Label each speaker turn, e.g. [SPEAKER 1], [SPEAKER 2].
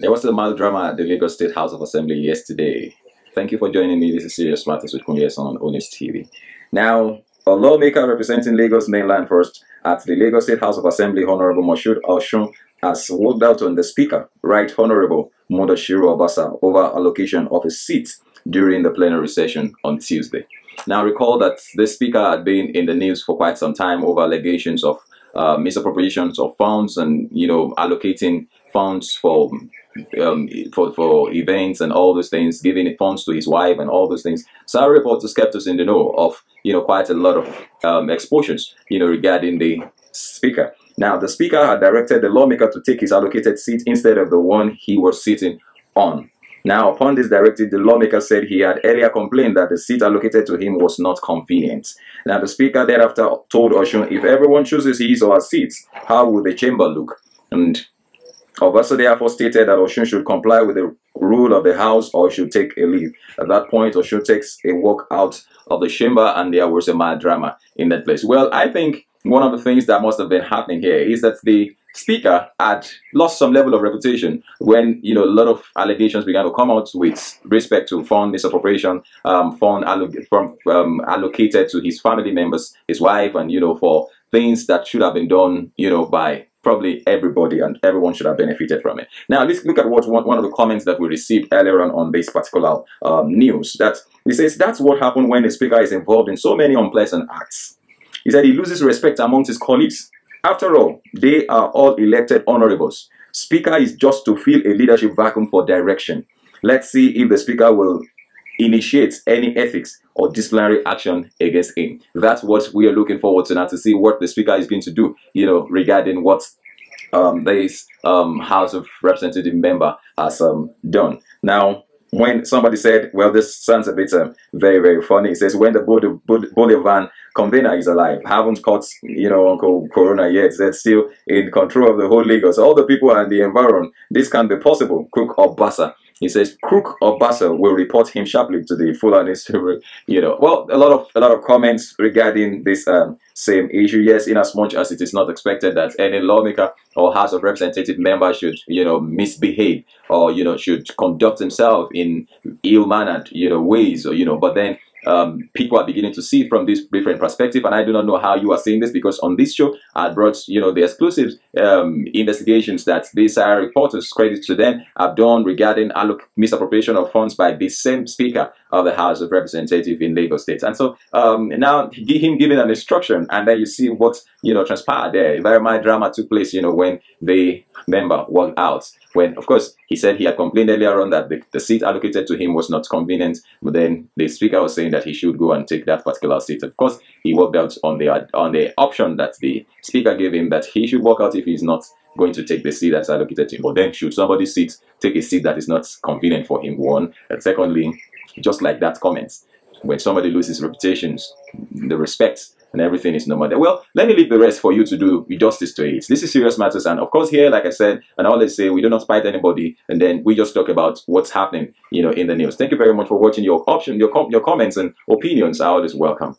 [SPEAKER 1] There was a mild drama at the Lagos State House of Assembly yesterday. Thank you for joining me. This is Serious Matters with Kunle on Honest TV. Now, a lawmaker representing Lagos mainland first at the Lagos State House of Assembly, Honorable Moshood Oshun, has walked out on the Speaker, Right Honorable Modashiru Abasa, over allocation of a seat during the plenary session on Tuesday. Now recall that this speaker had been in the news for quite some time over allegations of uh, misappropriations of funds and you know allocating funds for um, for for events and all those things, giving funds to his wife and all those things. So I report to skeptics in the know of you know quite a lot of um, exposures you know regarding the speaker. Now the speaker had directed the lawmaker to take his allocated seat instead of the one he was sitting on. Now, upon this directive, the lawmaker said he had earlier complained that the seat allocated to him was not convenient. Now, the speaker thereafter told Oshun, if everyone chooses his or her seats, how will the chamber look? And Obaso therefore stated that Oshun should comply with the rule of the house or should take a leave. At that point, Oshun takes a walk out of the chamber and there was a mad drama in that place. Well, I think one of the things that must have been happening here is that the speaker had lost some level of reputation when you know a lot of allegations began to come out with respect to fund misappropriation, um, fund from um, allocated to his family members, his wife, and you know for things that should have been done, you know, by probably everybody and everyone should have benefited from it. Now let's look at what one, one of the comments that we received earlier on on this particular um, news. That he says that's what happened when the speaker is involved in so many unpleasant acts he said he loses respect amongst his colleagues. After all, they are all elected honorables. Speaker is just to fill a leadership vacuum for direction. Let's see if the speaker will initiate any ethics or disciplinary action against him. That's what we are looking forward to now to see what the speaker is going to do, you know, regarding what um, this um, House of Representative member has um, done. Now, when somebody said, well, this sounds a bit um, very, very funny. It says, when the Boliv Bolivian convener is alive, haven't caught, you know, Uncle Corona yet. That's still in control of the whole Lagos. All the people and the environment. This can't be possible. Cook or Obasa he says Crook or Basel will report him sharply to the Fulani You know, well, a lot of a lot of comments regarding this um, same issue. Yes, in as much as it is not expected that any lawmaker or House of Representative member should you know misbehave or you know should conduct himself in ill-mannered you know ways or you know, but then um, people are beginning to see from this different perspective. And I do not know how you are seeing this because on this show, I brought you know the exclusive um, investigations that these IR reporters, credit to them, have done regarding alloc- misappropriation of funds by the same Speaker of the House of Representatives in Lagos State. And so um, now him giving an instruction, and then you see what you know, transpired there. Very much drama took place, you know, when the member walked out. When, of course, he said he had complained earlier on that the, the seat allocated to him was not convenient, but then the speaker was saying that he should go and take that particular seat. Of course, he walked out on the, on the option that the speaker gave him that he should walk out if he's not going to take the seat that's allocated to him. But then should somebody sit, take a seat that is not convenient for him, one. And secondly, just like that comment, when somebody loses reputations, the respect and everything is normal there. Well, let me leave the rest for you to do justice to it. This is serious matters, and of course, here, like I said, and all they say, we do not spite anybody, and then we just talk about what's happening, you know, in the news. Thank you very much for watching. Your option, your com your comments and opinions are always welcome.